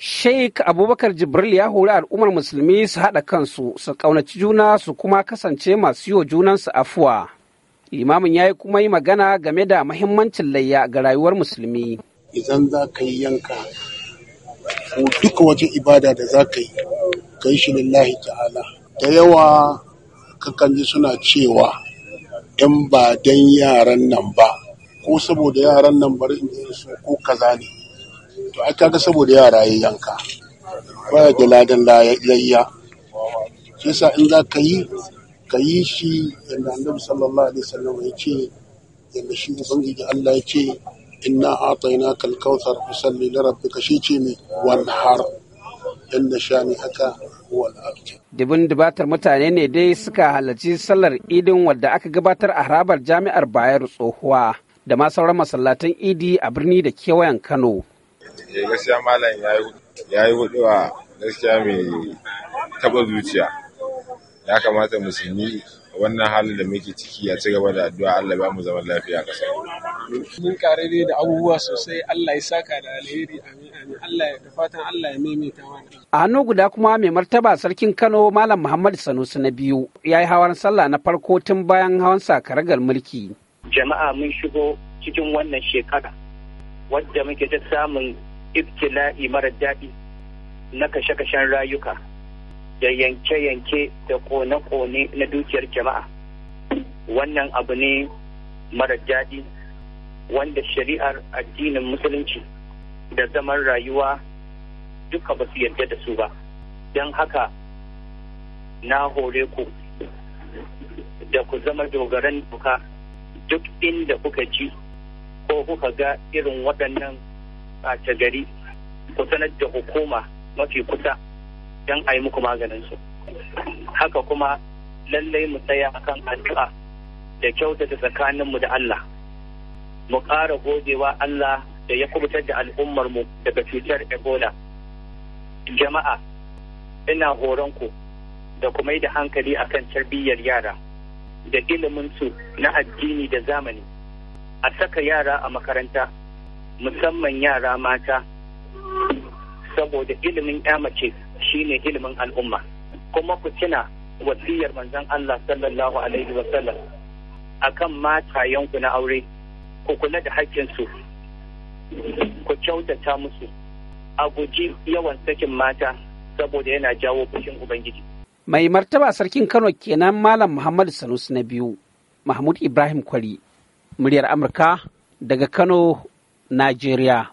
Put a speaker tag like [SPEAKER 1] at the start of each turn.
[SPEAKER 1] Sheikh Abubakar Jibril ya hori al'ummar musulmi su haɗa kansu su ƙaunaci juna su kuma kasance masu yiwa junansu afuwa. Limamin ya yi kuma yi magana game da mahimmancin layya ga rayuwar musulmi. Idan za ka yi yanka
[SPEAKER 2] ko duka waje ibada da za ka
[SPEAKER 1] yi, ka yi shi lillahi ta'ala. Da yawa
[SPEAKER 2] kakan ji suna cewa ‘yan ba dan yaran nan ba, ko saboda yaran nan bari in ko kaza ne. to kaga saboda yara ya yanka ya da don layayya shi sa in za ka yi ka yi shi yadda annabi sallallahu alaihi wasallam ya ce yadda shi ubangiji Allah ya ce inna atainaka al-kautsar na li rabbika shi ce ne har yadda shani haka
[SPEAKER 1] Dibin dubatar mutane ne dai suka halarci sallar idin wadda aka gabatar a harabar jami'ar bayar tsohuwa da ma sauran masallatan idi a birni da kewayen Kano.
[SPEAKER 2] eh gaskiya malam ya yi huduwa gaskiya mai taba zuciya ya kamata musulmi wannan halin da muke ciki ya ci gaba da addu'a Allah ba mu zaman lafiya kasa
[SPEAKER 1] mun kare dai da abubuwa sosai Allah ya saka da alheri amin amin Allah ya da
[SPEAKER 3] fatan Allah ya maimaita mana
[SPEAKER 1] a hannu guda kuma mai martaba sarkin Kano Malam Muhammad Sanusi na biyu yayi hawan sallah na farko tun bayan hawan sakaragar mulki
[SPEAKER 3] jama'a mun shigo cikin wannan shekara wadda muke ta samun ibtila'i mara daɗi na kashe-kashen rayuka da yanke-yanke da kone-kone na dukiyar jama'a wannan abu ne mara daɗi wanda shari'ar addinin musulunci da zaman rayuwa duka ba su yarda da su ba don haka na hore ku da ku zama dogaran duka duk inda kuka ji ko kuka ga irin waɗannan ta gari ku sanar da hukuma mafi kusa don a yi muku maganin su haka kuma lallai mu tsaya akan addu'a da kyautata tsakaninmu da Allah mu ƙara godewa Allah da ya kubutar da mu daga cutar Ebola jama'a ina horon ku da kuma yi da hankali akan tarbiyyar yara da ilimin su na addini da zamani a saka yara a makaranta musamman yara mata saboda ilimin ya mace shine ilimin al'umma kuma ku tuna wasiyar manzon Allah sallallahu alaihi wa sallam akan yanku na aure ku kula da haƙƙinsu ku kyautata musu a guji yawan sakin mata saboda yana jawo fushin ubangiji
[SPEAKER 1] mai martaba sarkin Kano kenan malam Muhammadu Sanusi na biyu Mahmud Ibrahim Kwari muryar Amurka daga Kano Najeriya.